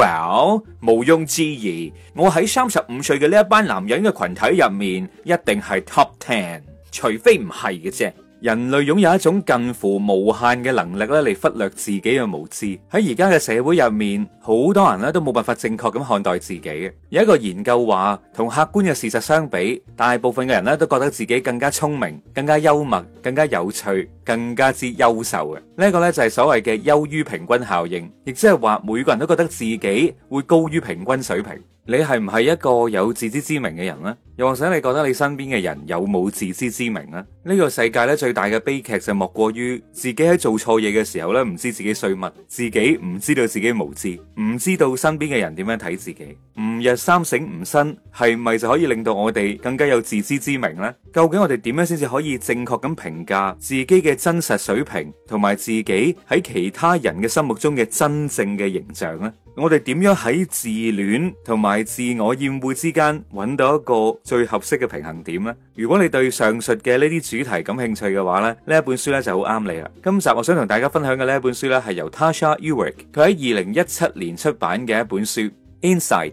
Well，毋庸置疑，我喺三十五歲嘅呢一班男人嘅群體入面，一定係 top ten，除非唔係嘅啫。人類擁有一種近乎無限嘅能力咧，嚟忽略自己嘅無知。喺而家嘅社會入面，好多人咧都冇辦法正確咁看待自己嘅。有一個研究話，同客觀嘅事實相比，大部分嘅人咧都覺得自己更加聰明、更加幽默、更加有趣、更加之優秀嘅。呢一個咧就係所謂嘅優於平均效應，亦即係話每個人都覺得自己會高於平均水平。你係唔係一個有自知之明嘅人呢？又或者你覺得你身邊嘅人有冇自知之明呢？呢、呢個世界咧最大嘅悲劇就莫過於自己喺做錯嘢嘅時候咧，唔知自己衰乜，自己唔知道自己無知，唔知道身邊嘅人點樣睇自己，吾日三省吾身，係咪就可以令到我哋更加有自知之明呢？究竟我哋點樣先至可以正確咁評價自己嘅真實水平，同埋自己喺其他人嘅心目中嘅真正嘅形象呢？我哋點樣喺自戀同埋自我厭惡之間揾到一個最合適嘅平衡點呢？如果你對上述嘅呢啲主題感興趣嘅話咧，呢一本書呢就好啱你啦。今集我想同大家分享嘅呢一本書呢，係由 Tasha Eurich 佢喺二零一七年出版嘅一本書《Insight》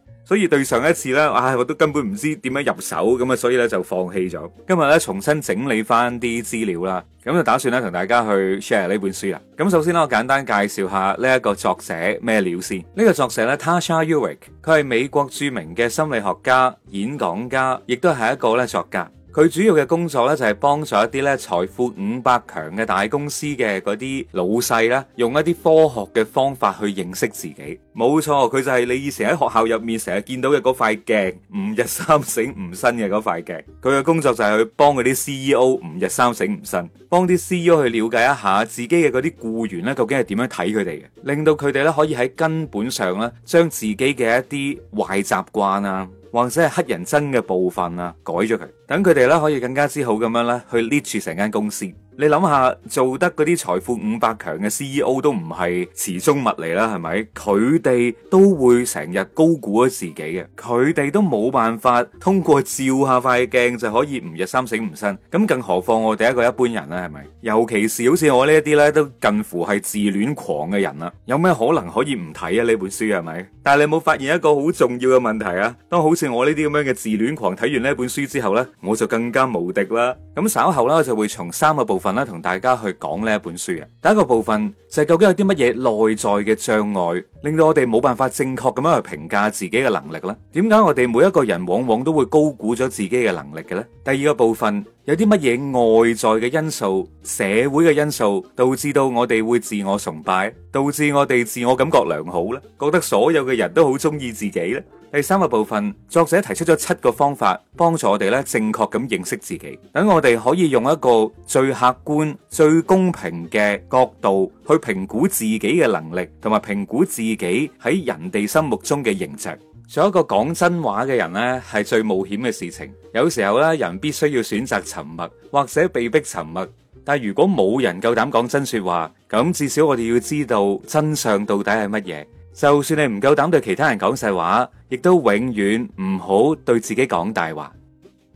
所以對上一次呢，唉，我都根本唔知點樣入手，咁啊，所以呢就放棄咗。今日呢，重新整理翻啲資料啦，咁就打算呢同大家去 share 呢本書啦。咁首先咧，我簡單介紹下呢一個作者咩料先。呢個作者呢 Tasha Eurich，佢係美國著名嘅心理學家、演講家，亦都係一個呢作家。佢主要嘅工作呢，就係幫助一啲咧財富五百強嘅大公司嘅嗰啲老細咧，用一啲科學嘅方法去認識自己。冇錯，佢就係你以前喺學校入面成日見到嘅嗰塊鏡，吾日三省吾身嘅嗰塊鏡。佢嘅工作就係去幫嗰啲 CEO 吾日三省吾身，幫啲 CEO 去了解一下自己嘅嗰啲僱員咧究竟係點樣睇佢哋嘅，令到佢哋咧可以喺根本上咧將自己嘅一啲壞習慣啊。或者係黑人憎嘅部分啊，改咗佢，等佢哋咧可以更加之好咁樣咧去 lead 住成間公司。你諗下，做得嗰啲財富五百強嘅 C E O 都唔係池中物嚟啦，係咪？佢哋都會成日高估咗自己嘅，佢哋都冇辦法通過照下塊鏡就可以唔日三省吾身。咁更何況我哋一個一般人啦，係咪？尤其是好似我呢一啲呢，都近乎係自戀狂嘅人啦。有咩可能可以唔睇啊？呢本書係咪？但係你有冇發現一個好重要嘅問題啊？當好似我呢啲咁樣嘅自戀狂睇完呢本書之後呢，我就更加無敵啦。咁稍後咧就會從三個部。份咧同大家去講呢一本書，嘅第一個部分就係究竟有啲乜嘢內在嘅障礙令到我哋冇辦法正確咁樣去評價自己嘅能力呢？點解我哋每一個人往往都會高估咗自己嘅能力嘅呢？第二個部分，有啲乜嘢外在嘅因素、社會嘅因素，導致到我哋會自我崇拜，導致我哋自我感覺良好呢？覺得所有嘅人都好中意自己呢。第三個部分，作者提出咗七個方法，幫助我哋咧正確咁認識自己，等我哋可以用一個最客觀、最公平嘅角度去評估自己嘅能力，同埋評估自己喺人哋心目中嘅形象。做一個講真話嘅人咧，係最冒險嘅事情。有時候咧，人必須要選擇沉默，或者被迫沉默。但如果冇人夠膽講真說話，咁至少我哋要知道真相到底係乜嘢。就算你唔夠膽對其他人講實話，亦都永遠唔好對自己講大話。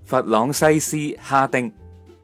弗朗西斯·哈丁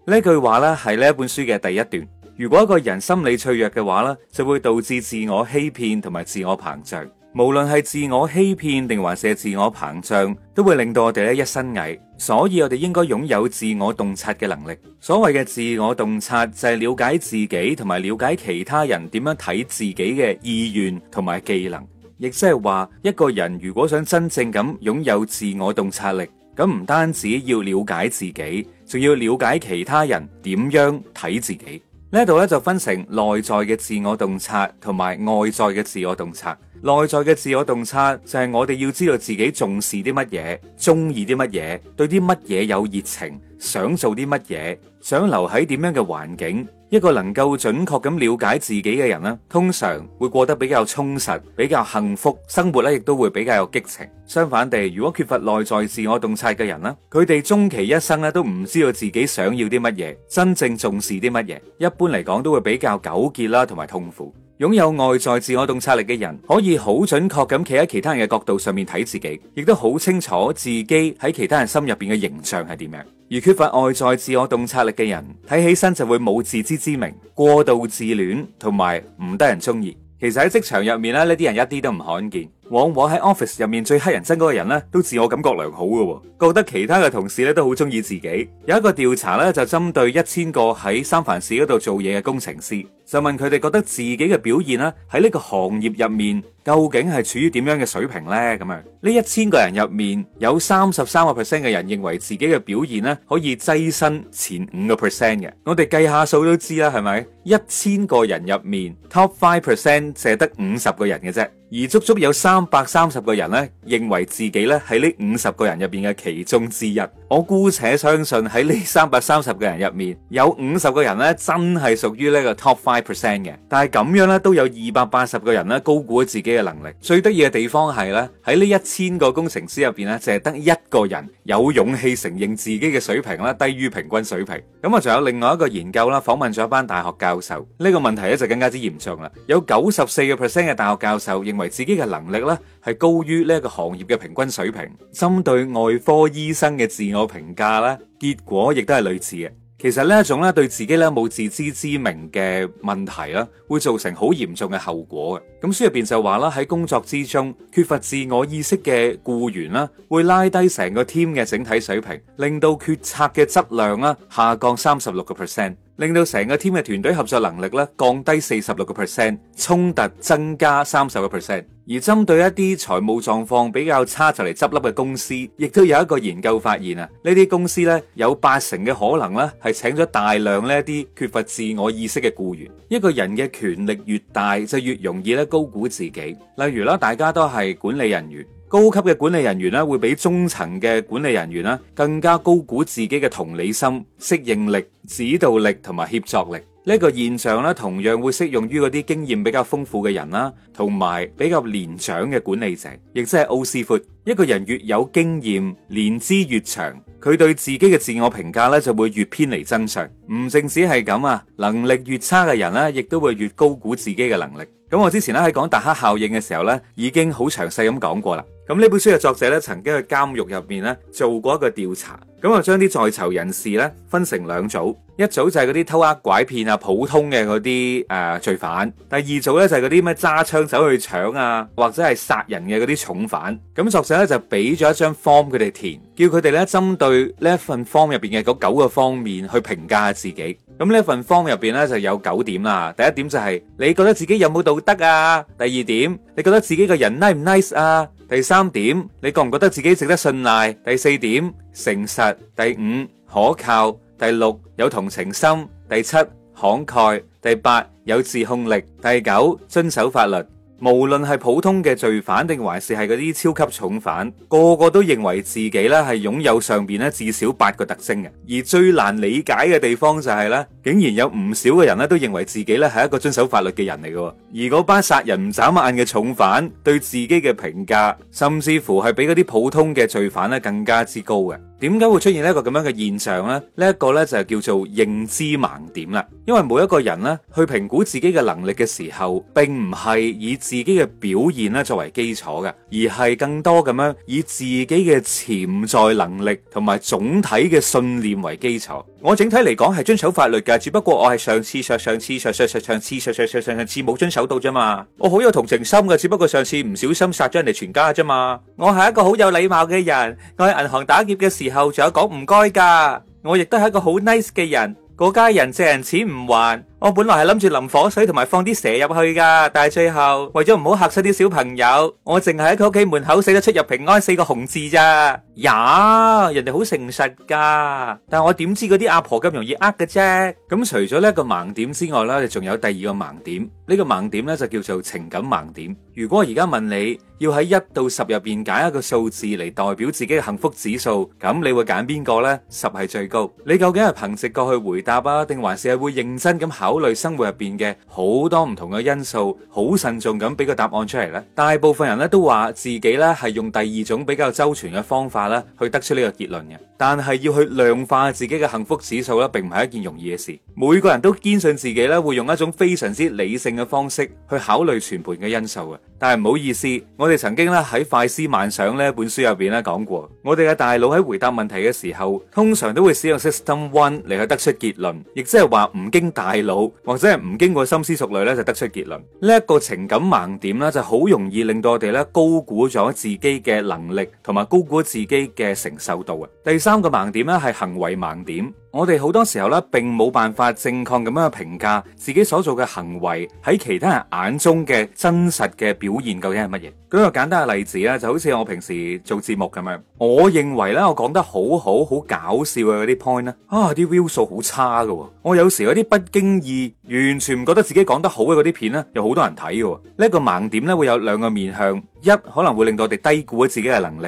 呢句話咧，係呢一本書嘅第一段。如果一個人心理脆弱嘅話咧，就會導致自我欺騙同埋自我膨脹。無論係自我欺騙定還是自我膨脹，都會令到我哋咧一身蟻。所以我哋應該擁有自我洞察嘅能力。所謂嘅自我洞察就係了解自己同埋了解其他人點樣睇自己嘅意願同埋技能，亦即係話一個人如果想真正咁擁有自我洞察力，咁唔單止要了解自己，仲要了解其他人點樣睇自己。呢度咧就分成內在嘅自我洞察同埋外在嘅自我洞察。內在嘅自我洞察就係我哋要知道自己重視啲乜嘢，中意啲乜嘢，對啲乜嘢有熱情，想做啲乜嘢，想留喺點樣嘅環境。一個能夠準確咁了解自己嘅人呢，通常會過得比較充實、比較幸福，生活咧亦都會比較有激情。相反地，如果缺乏內在自我洞察嘅人呢，佢哋終其一生咧都唔知道自己想要啲乜嘢，真正重視啲乜嘢，一般嚟講都會比較糾結啦，同埋痛苦。擁有外在自我洞察力嘅人，可以好準確咁企喺其他人嘅角度上面睇自己，亦都好清楚自己喺其他人心入邊嘅形象係點樣。而缺乏外在自我洞察力嘅人，睇起身就會冇自知之明、過度自戀同埋唔得人中意。其實喺職場入面咧，呢啲人一啲都唔罕見。往往喺 office 入面最乞人憎嗰個人呢，都自我感覺良好嘅，哦，覺得其他嘅同事呢都好中意自己。有一個調查呢，就針對一千個喺三藩市嗰度做嘢嘅工程師，就問佢哋覺得自己嘅表現呢喺呢個行業入面究竟係處於點樣嘅水平呢？咁啊，呢一千個人入面有三十三個 percent 嘅人認為自己嘅表現呢可以躋身前五個 percent 嘅。我哋計下數都知啦，係咪一千個人入面 top five percent 淨係得五十個人嘅啫？而足足有三百三十個人咧，認為自己咧喺呢五十個人入邊嘅其中之一。我姑且相信喺呢三百三十個人入面，有五十個人咧真係屬於呢個 top five percent 嘅。但係咁樣咧，都有二百八十個人咧高估自己嘅能力。最得意嘅地方係咧，喺呢一千個工程師入邊咧，淨係得一個人有勇氣承認自己嘅水平咧低於平均水平。咁啊，仲有另外一個研究啦，訪問咗一班大學教授，呢個問題咧就更加之嚴重啦。有九十四個 percent 嘅大學教授認為。為自己嘅能力咧係高於呢一個行業嘅平均水平。針對外科醫生嘅自我評價咧，結果亦都係類似嘅。其實呢一種咧對自己咧冇自知之明嘅問題啦，會造成好嚴重嘅後果嘅。咁書入邊就話啦，喺工作之中缺乏自我意識嘅僱員啦，會拉低成個 team 嘅整體水平，令到決策嘅質量啊下降三十六個 percent。令到成個 team 嘅團隊合作能力咧降低四十六個 percent，衝突增加三十個 percent。而針對一啲財務狀況比較差就嚟執笠嘅公司，亦都有一個研究發現啊，呢啲公司咧有八成嘅可能咧係請咗大量呢啲缺乏自我意識嘅僱員。一個人嘅權力越大，就越容易咧高估自己。例如啦，大家都係管理人員。高級嘅管理人員咧，會比中層嘅管理人員啦更加高估自己嘅同理心、適應力、指導力同埋協作力。呢、這、一個現象咧，同樣會適用於嗰啲經驗比較豐富嘅人啦，同埋比較年長嘅管理者，亦即係奧斯闊。一個人越有經驗、年資越長，佢對自己嘅自我評價咧就會越偏離真相。唔淨止係咁啊，能力越差嘅人咧，亦都會越高估自己嘅能力。咁我之前呢喺講達克效應嘅時候呢，已經好詳細咁講過啦。咁呢本書嘅作者呢，曾經去監獄入面呢做過一個調查，咁啊將啲在囚人士呢分成兩組，一組就係嗰啲偷呃拐騙啊普通嘅嗰啲誒罪犯，第二組呢，就係嗰啲咩揸槍走去搶啊或者係殺人嘅嗰啲重犯。咁作者呢，就俾咗一張 form 佢哋填，叫佢哋呢針對呢一份 form 入邊嘅嗰九個方面去評價自己。咁呢份方入邊咧就有九點啦。第一點就係你覺得自己有冇道德啊？第二點你覺得自己個人 nice 唔 nice 啊？第三點你覺唔覺得自己值得信賴？第四點誠實。第五，可靠。第六，有同情心。第七，慷慨。第八，有自控力。第九，遵守法律。無論係普通嘅罪犯，定還是係嗰啲超級重犯，個個都認為自己咧係擁有上邊咧至少八個特徵嘅。而最難理解嘅地方就係咧，竟然有唔少嘅人咧都認為自己咧係一個遵守法律嘅人嚟嘅。而嗰班殺人唔眨眼嘅重犯，對自己嘅評價，甚至乎係比嗰啲普通嘅罪犯咧更加之高嘅。點解會出現呢一個咁樣嘅現象咧？呢一個咧就係叫做認知盲點啦。因為每一個人咧去評估自己嘅能力嘅時候，並唔係以自己嘅表現咧作為基礎嘅，而係更多咁樣以自己嘅潛在能力同埋總體嘅信念為基礎。我整體嚟講係遵守法律嘅，只不過我係上次上上次、上上上次、上上上上次冇遵守到啫嘛。我好有同情心嘅，只不過上次唔小心殺咗人哋全家啫嘛。我係一個好有禮貌嘅人，我喺銀行打劫嘅時候仲有講唔該噶。我亦都係一個好 nice 嘅人，個家人借人錢唔還。我本來係諗住淋火水同埋放啲蛇入去噶，但係最後為咗唔好嚇死啲小朋友，我淨係喺佢屋企門口寫咗出入平安四個紅字咋。呀，人哋好誠實噶，但係我點知嗰啲阿婆咁容易呃嘅啫。咁除咗呢一個盲點之外咧，你仲有第二個盲點。呢個盲點咧就叫做情感盲點。如果我而家問你要喺一到十入邊揀一個數字嚟代表自己嘅幸福指數，咁你會揀邊個咧？十係最高。你究竟係憑直覺去回答啊，定還是係會認真咁考？考慮生活入邊嘅好多唔同嘅因素，好慎重咁俾個答案出嚟咧。大部分人咧都話自己咧係用第二種比較周全嘅方法咧，去得出呢個結論嘅。但係要去量化自己嘅幸福指數咧，並唔係一件容易嘅事。每個人都堅信自己咧會用一種非常之理性嘅方式去考慮全盤嘅因素啊。但係唔好意思，我哋曾經咧喺《快思慢想》呢本書入邊咧講過，我哋嘅大腦喺回答問題嘅時候，通常都會使用 System One 嚟去得出結論，亦即係話唔經大腦或者係唔經過深思熟慮咧就得出結論。呢一個情感盲點咧就好容易令到我哋咧高估咗自己嘅能力同埋高估自己嘅承受度啊。第三個盲點咧係行為盲點。我哋好多時候咧，並冇辦法正確咁樣去評價自己所做嘅行為喺其他人眼中嘅真實嘅表現究竟係乜嘢？舉個簡單嘅例子啦，就好似我平時做節目咁樣。我認為咧，我講得好好好搞笑嘅嗰啲 point 咧、啊，啊啲 view 數好差嘅。我有時嗰啲不經意，完全唔覺得自己講得好嘅嗰啲片呢，有好多人睇嘅。呢一個盲點呢，會有兩個面向：一可能會令到我哋低估咗自己嘅能力；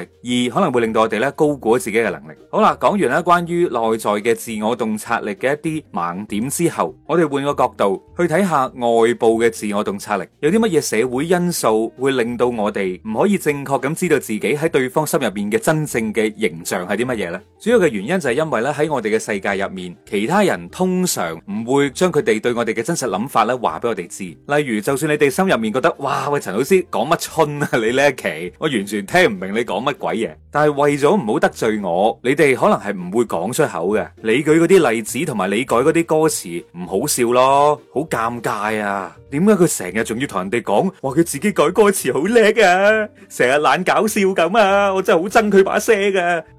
二可能會令到我哋咧高估咗自己嘅能力。好啦，講完咧關於內在嘅自我洞察力嘅一啲盲點之後，我哋換個角度去睇下外部嘅自我洞察力，有啲乜嘢社會因素會令到我哋唔可以正確咁知道自己喺對方心入邊嘅真真正嘅形象係啲乜嘢咧？主要嘅原因就係因為咧喺我哋嘅世界入面，其他人通常唔會將佢哋對我哋嘅真實諗法咧話俾我哋知。例如，就算你哋心入面覺得，哇喂，陳老師講乜春啊？你呢一期我完全聽唔明你講乜鬼嘢。但係為咗唔好得罪我，你哋可能係唔會講出口嘅。你舉嗰啲例子同埋你改嗰啲歌詞唔好笑咯，好尷尬啊！點解佢成日仲要同人哋講，話佢自己改歌詞好叻啊？成日懶搞笑咁啊！我真係好憎佢把。阿 s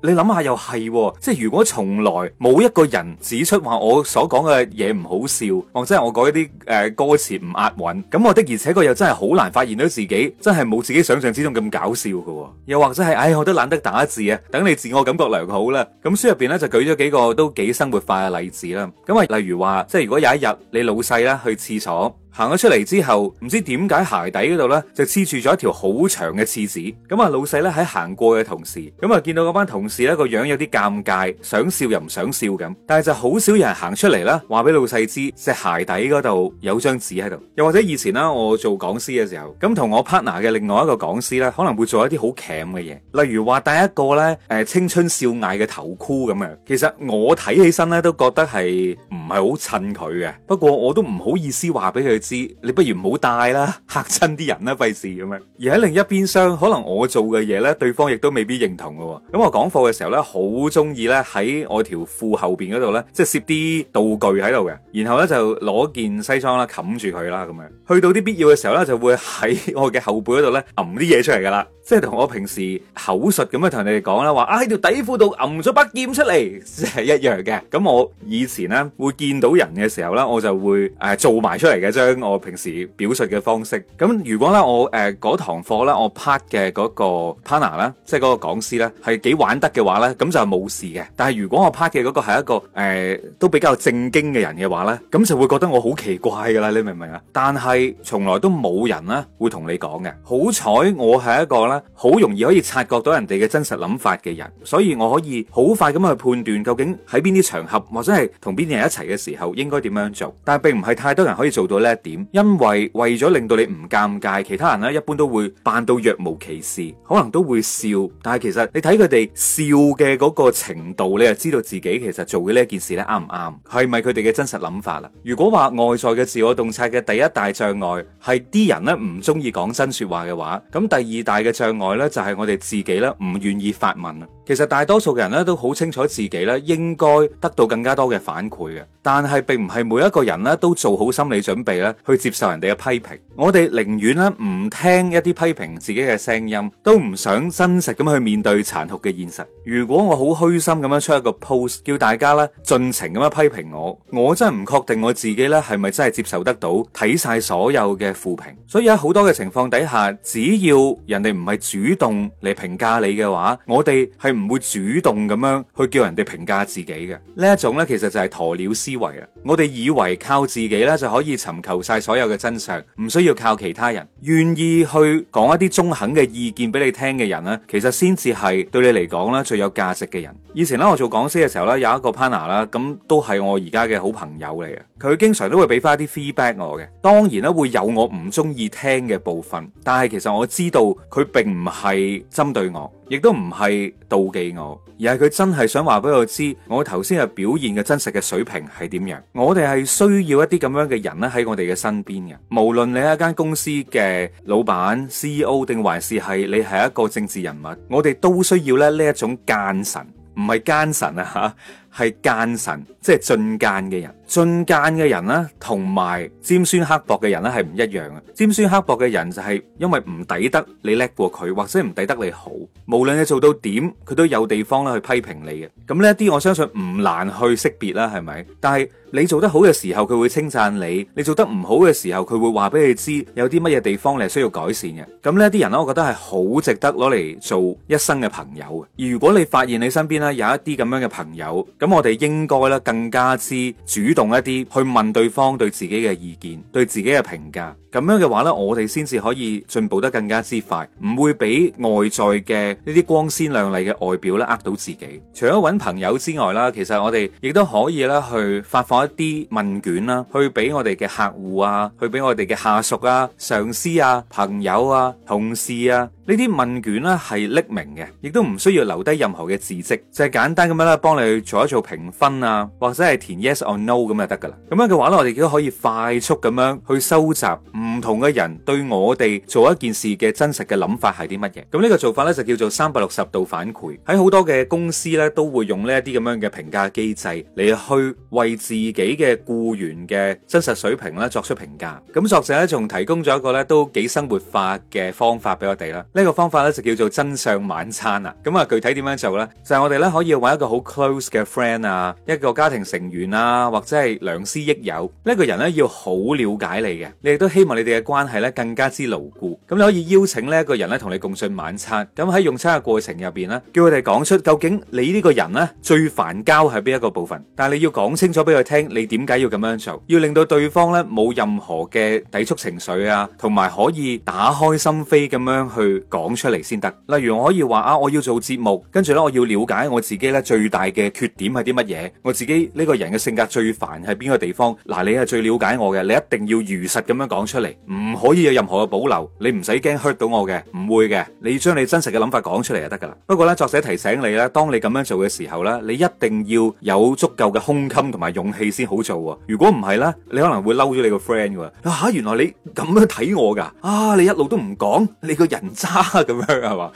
你諗下又係，哦，即係如果從來冇一個人指出話我所講嘅嘢唔好笑，或者係我講一啲誒歌詞唔押韻，咁我的而且確又真係好難發現到自己真係冇自己想象之中咁搞笑嘅，哦，又或者係唉我都懶得打字啊，等你自我感覺良好啦。咁書入邊咧就舉咗幾個都幾生活化嘅例子啦。咁啊，例如話即係如果有一日你老細啦去廁所。行咗出嚟之後，唔知點解鞋底嗰度、嗯、呢，就黐住咗一條好長嘅廁紙。咁、嗯、啊，老細呢喺行過嘅同時，咁啊見到嗰班同事呢個樣有啲尷尬，想笑又唔想笑咁。但係就好少有人行出嚟啦，話俾老細知隻鞋底嗰度有張紙喺度。又或者以前咧，我做講師嘅時候，咁同我 partner 嘅另外一個講師呢，可能會做一啲好 cam 嘅嘢，例如話戴一個呢誒青春少艾嘅頭箍咁啊。其實我睇起身呢，都覺得係唔係好襯佢嘅，不過我都唔好意思話俾佢。你不如唔好戴啦，嚇親啲人啦，費事咁樣。而喺另一邊廂，可能我做嘅嘢咧，對方亦都未必認同嘅。咁我講課嘅時候咧，好中意咧喺我條褲後邊嗰度咧，即係攝啲道具喺度嘅，然後咧就攞件西裝啦冚住佢啦，咁樣。去到啲必要嘅時候咧，就會喺我嘅後背嗰度咧揞啲嘢出嚟噶啦，即係同我平時口述咁樣同人哋講啦，話啊喺條底褲度揞咗把劍出嚟，即係一樣嘅。咁我以前咧會見到人嘅時候咧，我就會誒、呃、做埋出嚟嘅啫。我平時表述嘅方式，咁如果咧我誒嗰、呃、堂課咧我拍 part 嘅嗰個 partner 咧，即係嗰個講師咧係幾玩得嘅話咧，咁就冇事嘅。但係如果我 part 嘅嗰個係一個誒、呃、都比較正經嘅人嘅話咧，咁就會覺得我好奇怪㗎喇，你明唔明啊？但係從來都冇人咧會同你講嘅。好彩我係一個咧好容易可以察覺到人哋嘅真實諗法嘅人，所以我可以好快咁去判斷究竟喺邊啲場合或者係同邊啲人一齊嘅時候應該點樣做。但係並唔係太多人可以做到咧。點？因為為咗令到你唔尷尬，其他人咧一般都會扮到若無其事，可能都會笑。但係其實你睇佢哋笑嘅嗰個程度，你就知道自己其實做嘅呢件事咧啱唔啱，係咪佢哋嘅真實諗法啦。如果話外在嘅自我洞察嘅第一大障礙係啲人咧唔中意講真說話嘅話，咁第二大嘅障礙呢，就係我哋自己咧唔願意發問啊。其實大多數人咧都好清楚自己咧應該得到更加多嘅反饋嘅，但係並唔係每一個人咧都做好心理準備咧去接受人哋嘅批評。我哋寧願咧唔聽一啲批評自己嘅聲音，都唔想真實咁去面對殘酷嘅現實。如果我好虛心咁樣出一個 post，叫大家咧盡情咁樣批評我，我真係唔確定我自己咧係咪真係接受得到睇晒所有嘅負評。所以喺好多嘅情況底下，只要人哋唔係主動嚟評價你嘅話，我哋係唔會主動咁樣去叫人哋評價自己嘅。呢一種咧其實就係鴕鳥思維啊！我哋以為靠自己咧就可以尋求晒所有嘅真相，唔需要靠其他人。願意去講一啲中肯嘅意見俾你聽嘅人咧，其實先至係對你嚟講咧最有價值嘅人。以前咧，我做講師嘅時候咧，有一個 partner 啦，咁都係我而家嘅好朋友嚟嘅。佢經常都會俾翻啲 feedback 我嘅，當然啦，會有我唔中意聽嘅部分，但係其實我知道佢並唔係針對我，亦都唔係妒忌我，而係佢真係想話俾我知我頭先嘅表現嘅真實嘅水平係點樣。我哋係需要一啲咁樣嘅人咧喺我哋嘅身邊嘅，無論你係一間公司嘅老闆、CEO，定還是係你係一個政治人物，我哋都需要咧呢一種奸臣，唔係奸臣啊吓。係諫臣，即係進諫嘅人。進諫嘅人咧，同埋尖酸刻薄嘅人咧係唔一樣嘅。尖酸刻薄嘅人就係因為唔抵得你叻過佢，或者唔抵得你好，無論你做到點，佢都有地方咧去批評你嘅。咁呢啲，我相信唔難去識別啦，係咪？但係你做得好嘅時候，佢會稱讚你；你做得唔好嘅時候，佢會話俾你知有啲乜嘢地方你係需要改善嘅。咁呢啲人咧，我覺得係好值得攞嚟做一生嘅朋友。如果你發現你身邊咧有一啲咁樣嘅朋友，咁我哋應該咧更加之主動一啲，去問對方對自己嘅意見，對自己嘅評價。咁樣嘅話咧，我哋先至可以進步得更加之快，唔會俾外在嘅呢啲光鮮亮麗嘅外表咧呃到自己。除咗搵朋友之外啦，其實我哋亦都可以咧去發放一啲問卷啦，去俾我哋嘅客戶啊，去俾我哋嘅下屬啊、上司啊、朋友啊、同事啊。呢啲問卷呢係匿名嘅，亦都唔需要留低任何嘅字跡，就係簡單咁樣啦幫你去做一做。做評分啊，或者係填 yes or no 咁就得噶啦。咁樣嘅話咧，我哋都可以快速咁樣去收集唔同嘅人對我哋做一件事嘅真實嘅諗法係啲乜嘢。咁呢個做法咧就叫做三百六十度反饋。喺好多嘅公司咧都會用呢一啲咁樣嘅評價機制嚟，去為自己嘅僱員嘅真實水平咧作出評價。咁作者咧仲提供咗一個咧都幾生活化嘅方法俾我哋啦。呢個方法咧就叫做真相晚餐啊。咁啊，具體點樣做咧？就係我哋咧可以揾一個好 close 嘅 friend。啊，一個家庭成員啊，或者係良師益友。呢一個人呢，要好了解你嘅，你亦都希望你哋嘅關係呢更加之牢固。咁你可以邀請呢一個人呢，同你共進晚餐，咁喺用餐嘅過程入邊呢，叫佢哋講出究竟你呢個人呢最煩交係邊一個部分。但係你要講清楚俾佢聽，你點解要咁樣做，要令到對方呢冇任何嘅抵觸情緒啊，同埋可以打開心扉咁樣去講出嚟先得。例如我可以話啊，我要做節目，跟住呢，我要了解我自己呢最大嘅缺點。係啲乜嘢？我自己呢個人嘅性格最煩係邊個地方？嗱，你係最了解我嘅，你一定要如實咁樣講出嚟，唔可以有任何嘅保留。你唔使驚 hurt 到我嘅，唔會嘅。你將你真實嘅諗法講出嚟就得噶啦。不過呢，作者提醒你呢，當你咁樣做嘅時候呢，你一定要有足夠嘅胸襟同埋勇氣先好做。如果唔係呢，你可能會嬲咗你個 friend 噶。吓、啊，原來你咁樣睇我噶？啊，你一路都唔講，你個人渣咁樣係嘛？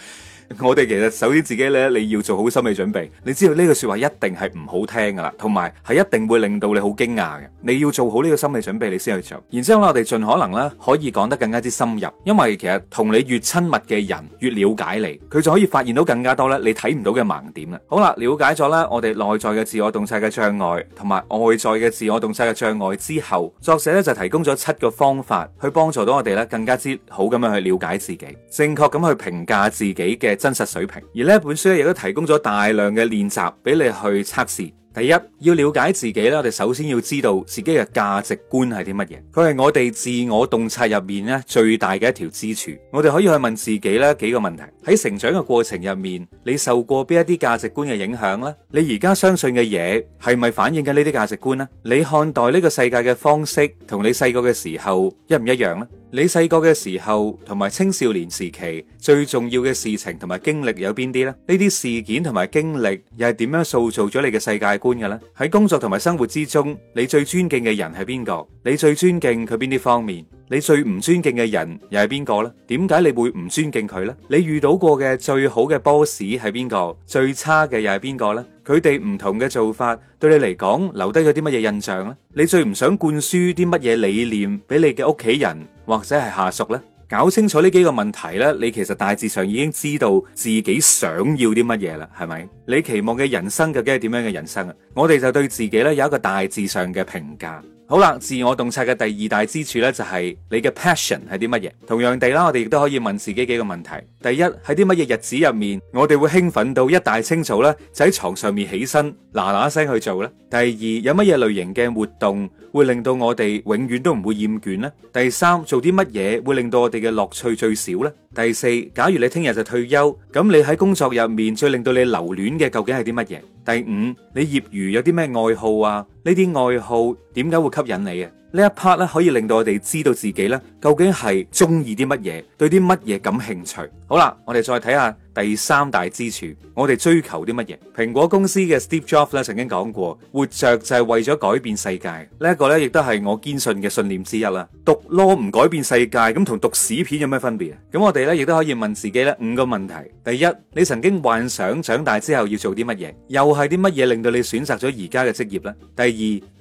我哋其實首先自己咧，你要做好心理準備。你知道呢個說話一定係唔好聽噶啦，同埋係一定會令到你好驚訝嘅。你要做好呢個心理準備，你先去做。然之後呢，我哋盡可能咧可以講得更加之深入，因為其實同你越親密嘅人越了解你，佢就可以發現到更加多咧你睇唔到嘅盲點啦。好啦，了解咗咧，我哋內在嘅自我洞察嘅障礙，同埋外在嘅自我洞察嘅障礙之後，作者咧就提供咗七個方法去幫助到我哋咧更加之好咁樣去了解自己，正確咁去評價自己嘅真實水平，而呢本書咧，亦都提供咗大量嘅練習俾你去測試。第一，要了解自己咧，我哋首先要知道自己嘅價值觀係啲乜嘢，佢係我哋自我洞察入面咧最大嘅一條支柱。我哋可以去問自己咧幾個問題：喺成長嘅過程入面，你受過邊一啲價值觀嘅影響呢？你而家相信嘅嘢係咪反映緊呢啲價值觀呢？你看待呢個世界嘅方式同你細個嘅時候一唔一樣呢？你細個嘅時候同埋青少年時期最重要嘅事情同埋經歷有邊啲呢？呢啲事件同埋經歷又係點樣塑造咗你嘅世界觀嘅咧？喺工作同埋生活之中，你最尊敬嘅人係邊個？你最尊敬佢邊啲方面？你最唔尊敬嘅人又係邊個呢？點解你會唔尊敬佢呢？你遇到過嘅最好嘅 boss 係邊個？最差嘅又係邊個呢？佢哋唔同嘅做法對你嚟講留低咗啲乜嘢印象呢？你最唔想灌輸啲乜嘢理念俾你嘅屋企人或者係下屬呢？搞清楚呢幾個問題呢，你其實大致上已經知道自己想要啲乜嘢啦，係咪？你期望嘅人生究竟係點樣嘅人生啊？我哋就對自己呢有一個大致上嘅評價。好啦，自我洞察嘅第二大支柱呢，就係你嘅 passion 係啲乜嘢。同樣地啦，我哋亦都可以問自己幾個問題：第一，喺啲乜嘢日子入面，我哋會興奮到一大清早呢，就喺床上面起身嗱嗱聲去做呢；第二，有乜嘢類型嘅活動會令到我哋永遠都唔會厭倦呢；第三，做啲乜嘢會令到我哋嘅樂趣最少呢？第四，假如你聽日就退休，咁你喺工作入面最令到你留戀嘅究竟係啲乜嘢？第五，你業餘有啲咩愛好啊？呢啲愛好點解會吸引你啊？呢一 part 咧可以令到我哋知道自己咧究竟係中意啲乜嘢，對啲乜嘢感興趣。好啦，我哋再睇下第三大支柱，我哋追求啲乜嘢？蘋果公司嘅 Steve Jobs 咧曾經講過，活着就係為咗改變世界。呢一個咧亦都係我堅信嘅信念之一啦。讀 law 唔改變世界，咁同讀屎片有咩分別？咁我哋呢亦都可以問自己呢五個問題：第一，你曾經幻想長大之後要做啲乜嘢？又係啲乜嘢令到你選擇咗而家嘅職業呢？第二，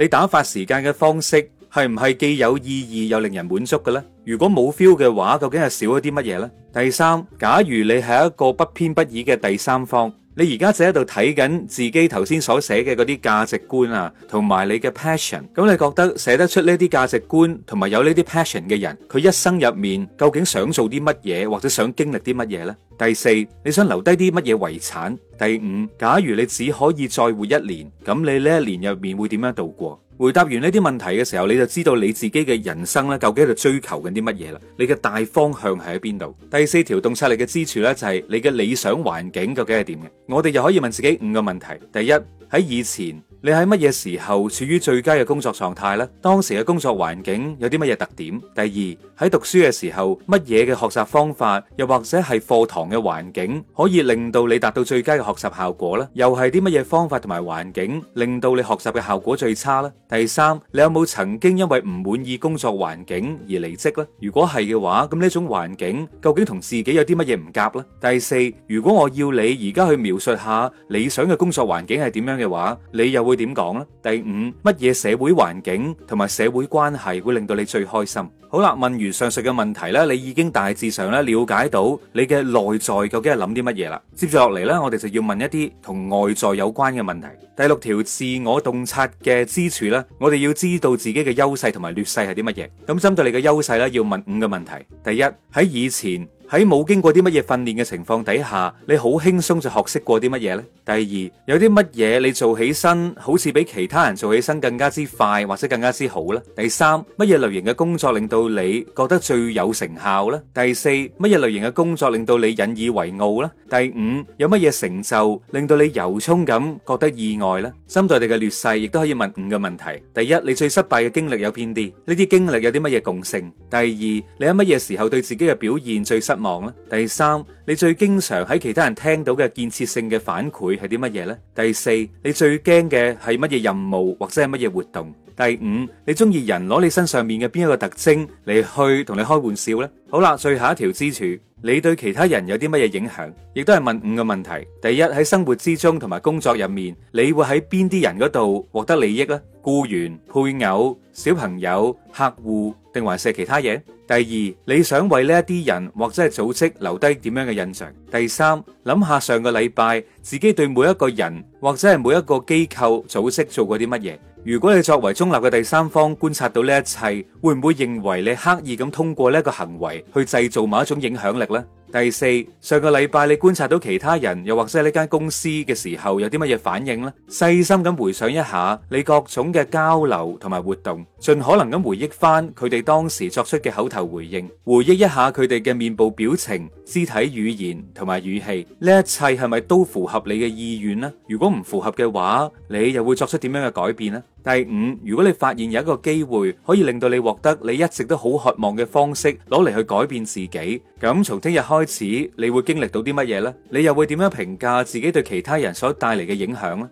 你打發時間嘅方式？係唔係既有意義又令人滿足嘅咧？如果冇 feel 嘅話，究竟係少咗啲乜嘢咧？第三，假如你係一個不偏不倚嘅第三方，你而家就喺度睇緊自己頭先所寫嘅嗰啲價值觀啊，同埋你嘅 passion，咁你覺得寫得出呢啲價值觀同埋有呢啲 passion 嘅人，佢一生入面究竟想做啲乜嘢，或者想經歷啲乜嘢咧？第四，你想留低啲乜嘢遺產？第五，假如你只可以再活一年，咁你呢一年入面會點樣度過？回答完呢啲問題嘅時候，你就知道你自己嘅人生咧，究竟喺度追求緊啲乜嘢啦。你嘅大方向係喺邊度？第四條洞察力嘅支柱咧，就係你嘅理想環境究竟係點嘅？我哋又可以問自己五個問題。第一，喺以前。你喺乜嘢時候處於最佳嘅工作狀態呢？當時嘅工作環境有啲乜嘢特點？第二，喺讀書嘅時候，乜嘢嘅學習方法又或者係課堂嘅環境可以令到你達到最佳嘅學習效果呢？又係啲乜嘢方法同埋環境令到你學習嘅效果最差呢？第三，你有冇曾經因為唔滿意工作環境而離職呢？如果係嘅話，咁呢種環境究竟同自己有啲乜嘢唔夾呢？第四，如果我要你而家去描述下理想嘅工作環境係點樣嘅話，你又？會點講咧？第五，乜嘢社會環境同埋社會關係會令到你最開心？好啦，問完上述嘅問題咧，你已經大致上咧了解到你嘅內在究竟係諗啲乜嘢啦。接住落嚟咧，我哋就要問一啲同外在有關嘅問題。第六條，自我洞察嘅支柱，咧，我哋要知道自己嘅優勢同埋劣勢係啲乜嘢。咁針對你嘅優勢咧，要問五個問題。第一，喺以前。喺冇經過啲乜嘢訓練嘅情況底下，你好輕鬆就學識過啲乜嘢呢？第二，有啲乜嘢你做起身，好似比其他人做起身更加之快或者更加之好呢？第三，乜嘢類型嘅工作令到你覺得最有成效呢？第四，乜嘢類型嘅工作令到你引以為傲呢？第五，有乜嘢成就令到你由衷咁覺得意外呢？針對你嘅劣勢亦都可以問五個問題：第一，你最失敗嘅經歷有邊啲？呢啲經歷有啲乜嘢共性？第二，你喺乜嘢時候對自己嘅表現最失？望啦。第三，你最經常喺其他人聽到嘅建設性嘅反饋係啲乜嘢呢？第四，你最驚嘅係乜嘢任務或者係乜嘢活動？第五，你中意人攞你身上面嘅邊一個特徵嚟去同你開玩笑呢？好啦，最後一條支柱，你對其他人有啲乜嘢影響？亦都係問五個問題。第一，喺生活之中同埋工作入面，你會喺邊啲人嗰度獲得利益呢？僱員、配偶、小朋友、客戶，定還是其他嘢？第二，你想為呢一啲人或者係組織留低點樣嘅印象？第三，諗下上個禮拜自己對每一個人或者係每一個機構組織做過啲乜嘢？如果你作為中立嘅第三方觀察到呢一切，會唔會認為你刻意咁通過呢個行為去製造某一種影響力呢？第四，上個禮拜你觀察到其他人，又或者喺呢間公司嘅時候有啲乜嘢反應呢？細心咁回想一下，你各種嘅交流同埋活動。盡可能咁回憶翻佢哋當時作出嘅口頭回應，回憶一下佢哋嘅面部表情、肢體語言同埋語氣，呢一切係咪都符合你嘅意願呢？如果唔符合嘅話，你又會作出點樣嘅改變呢？第五，如果你發現有一個機會可以令到你獲得你一直都好渴望嘅方式，攞嚟去改變自己，咁從聽日開始你會經歷到啲乜嘢呢？你又會點樣評價自己對其他人所帶嚟嘅影響呢？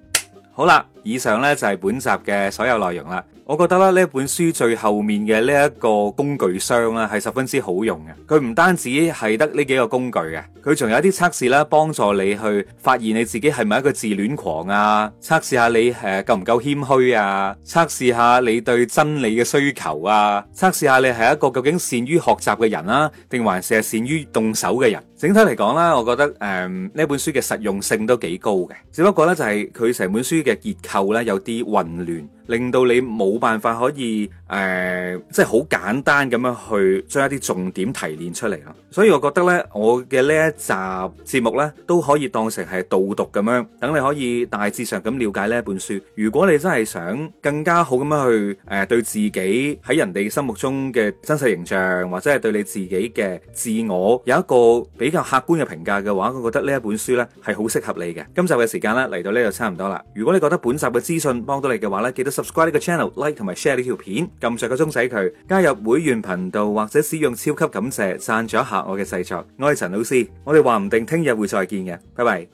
好啦，以上呢就係本集嘅所有內容啦。我覺得咧，呢本書最後面嘅呢一個工具箱咧係十分之好用嘅。佢唔單止係得呢幾個工具嘅，佢仲有啲測試啦，幫助你去發現你自己係咪一個自戀狂啊，測試下你誒夠唔夠謙虛啊，測試下你對真理嘅需求啊，測試下你係一個究竟善於學習嘅人啦，啊，定還是係善於動手嘅人。整體嚟講咧，我覺得誒，嗯，呢本書嘅實用性都幾高嘅，只不過咧就係佢成本書嘅結構咧有啲混亂，令到你冇辦法可以。誒、呃，即係好簡單咁樣去將一啲重點提煉出嚟咯，所以我覺得呢，我嘅呢一集節目呢，都可以當成係導讀咁樣，等你可以大致上咁了解呢一本書。如果你真係想更加好咁樣去誒、呃，對自己喺人哋心目中嘅真實形象，或者係對你自己嘅自我有一個比較客觀嘅評價嘅話，我覺得呢一本書呢係好適合你嘅。今集嘅時間呢，嚟到呢度差唔多啦。如果你覺得本集嘅資訊幫到你嘅話，呢記得 subscribe 呢個 channel、like 同埋 share 呢條片。撳著個鐘使佢加入會員頻道或者使用超級感謝贊助一下我嘅製作，我係陳老 C，我哋話唔定聽日會再見嘅，拜拜。